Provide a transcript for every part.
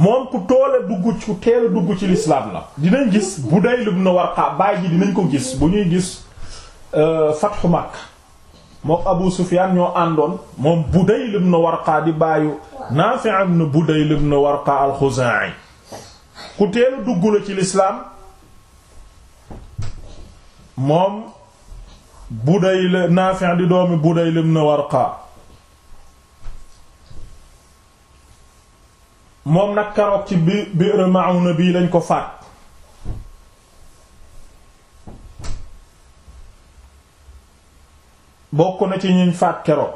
moom ku tool dugg ku teel dugg ci lislaam la dinañ gis Budayl ibn Warqa baay ji dinañ ko gis bu ñuy gis euh, fatxu Makka moom Abu Sufyaan ñoo àndoon moom Budayl ibn Warqa di baayu Naafi' ibn Budayl ibn Warqa al-Xuzaa'i ku teel dugg la ci lislaam moom Budayl Naafi' di doomi Budayl ibn Warqa moom nag karoot ci bi bi'r Ma'una bii lañ ko faat bokk na ci ñiñ faat keroog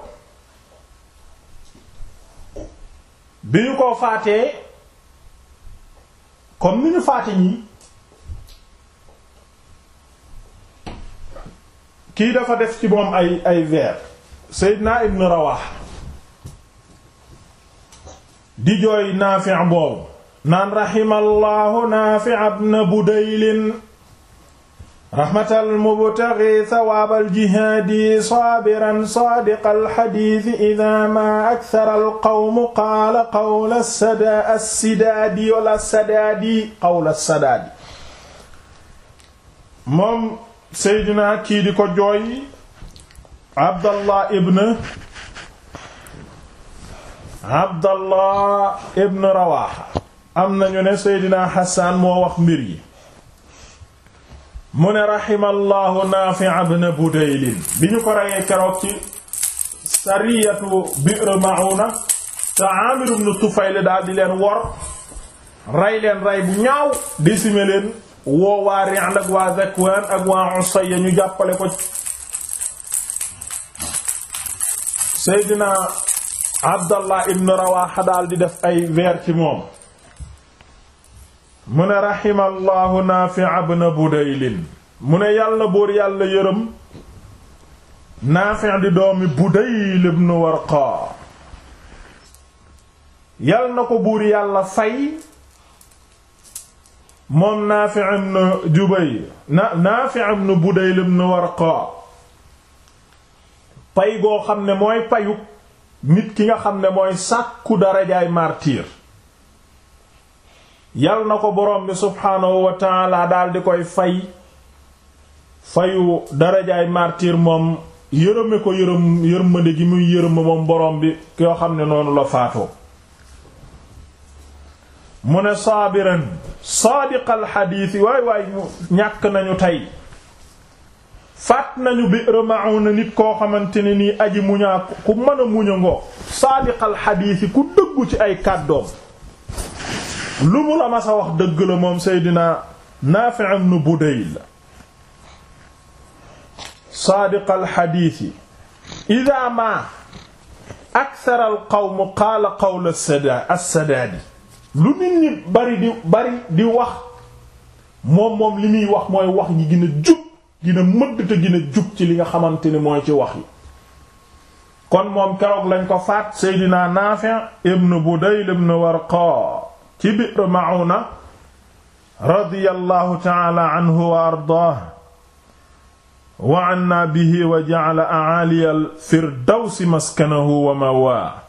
bi ñu ko faatee comme ni ñu faate ñi kii dafa def ci moom ay ay veer Seydina Ibn Rawaha di jooy Naafi' boobu naan rahimallahu Naafi' ibn Budaylin rahmatal mubtaghi thawaabal jihaadi saabiran saadiqal hadiisi idhaa maa aktharal qawmi qaala qawla as-sadaadi wala sadaadi qawla as-sadaadi moom Seydina kii di ko jooy Abdallah ibn abdallah ibn rawaxa am nañu ne seydina xasaan moo wax mbir yi mu ne raximallahu naafi ibn budaylin bi ñu ko reyee keroog ci sariyatu bi'r mauna te amir ibn tufayl daal di leen wor rey leen rey bu ñaaw décimé leen woo waa Ri'l ak waa Zakwaan ak waa Usayya ñu jàppale ko seydina abdallah ibn rawaxa daal di def ay weer ci moom mu ne raxima allahu naafi'a budaylin mu ne yàlla buur yàlla yërëm naafi' di doomi budayl ibn warqa yal na ko buur yàlla fay moom naafi' ibn jubayr naafi' ibn budayl ibn warqa pay goo xam ne mooy payuk nit ki nga xam ne mooy sàkku darajaay martyr yal na ko borom bi subhaanahu wa taala daal di koy fay fayu darajaay martyr moom yërëme ko yërëm yërmande gi muy yërëm moom borom bi koo xam ne noonu la faatoo mu ne saabiran saadiqal xadiisi waay waay ñàkk nañu tey faat nañu bi Ma'una nit koo xamante ne nii aji muñaa ku mën a muñ ngoo saadiqal xadiisi ku dëggu ci ay kàddoom lu mu la masa wax dëgg la moom Seydina Naafi ibn Budayl saadiqal xadiisi idaa maa aksaral qawmu qaala qawla as-sadaadi lu nit ñi bari di bari di wax moom moom li muy wax mooy wax ñi gën jub ci li nga xamante ni mooy ci wax kon moom keroog lañ ko faat Seydina Naafi' ibn Budayl ibn Warqa ci Bi'r Ma'una radiyallahu ta'ala wa ardaahu wa anna bihi wa ja'ala a'aali al-firdawsi maskanahu wa mawaa